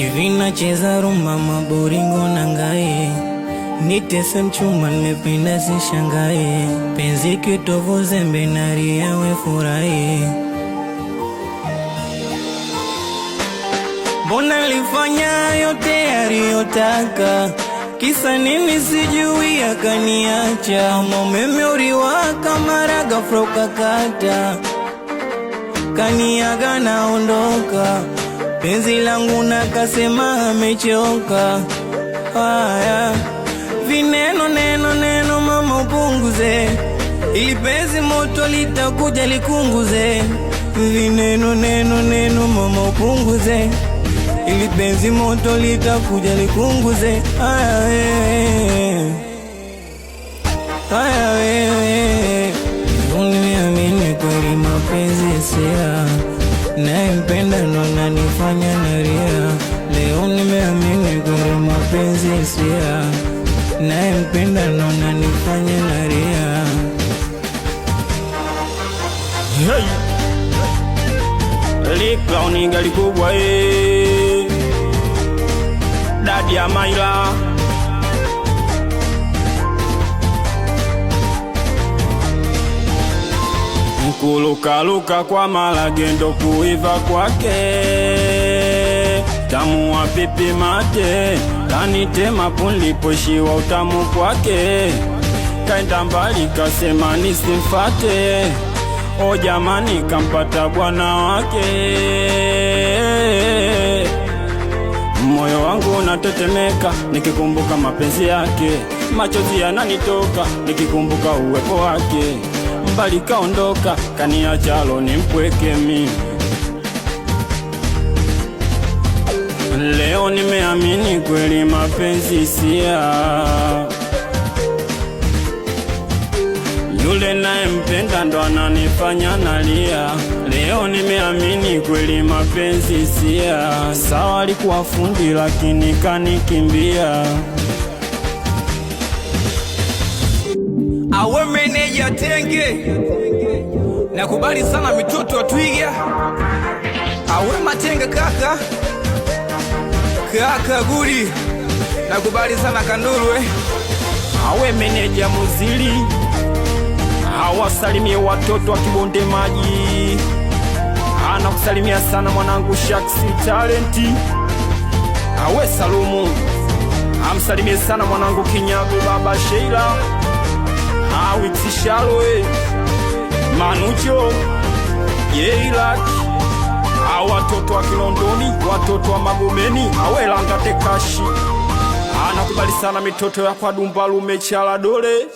ivina cheza rumba maboringo na ngae, nitese mchuma nimependa sishangae, penzi kitovu zembe nari yawe furahi. Mbona lifanya yote yariyotaka kisa nini sijui, akaniacha umeme uriwaka, mara ghafla kata kaniaga naondoka penzi langu nakasema amechoka, haya vineno neno neno, mama upunguze, ili penzi moto litakuja likunguze. Vineno neno neno, mama upunguze, ili penzi moto litakuja likunguze. Haya wewe, haya wewe nafanya naria. leo nimeamini kwamba mapenzi sia naye mpenda na nifanye naria. Hey. Lika gari kubwa e, eh. dadi ya maila Kuluka luka kwa malagendo kuiva kwake Utamu wa pipi mate kanitema puliposhiwa utamu kwake, kaenda mbali kasema nisimfate. O jamani, kampata bwana wake. Moyo wangu natetemeka nikikumbuka mapenzi yake, machozi yananitoka nikikumbuka uwepo wake. Mbali kaondoka kaniachalo mpweke mi Leo nimeamini kweli mapenzi sia yule nayempenda ndo ananifanya nalia. Leo nimeamini kweli mapenzi sia sawa, alikuwa fundi lakini kanikimbia. Awe meneja tenge, nakubali sana mitoto twiga, awe matenge kaka kaka guri nakubali sana Kandurwe eh. awe meneja muzili awasalimie watoto wa kibonde maji. Anakusalimia sana mwanangu Shaksi Talenti awe Salumu, amsalimie sana mwanangu Kinyago, baba Sheila awitishalwe eh. Manujo Yeilaki awatoto wa Kilondo meni awelanga tekashi anakubali sana mitoto ya kwa yakwadumbalume chaladole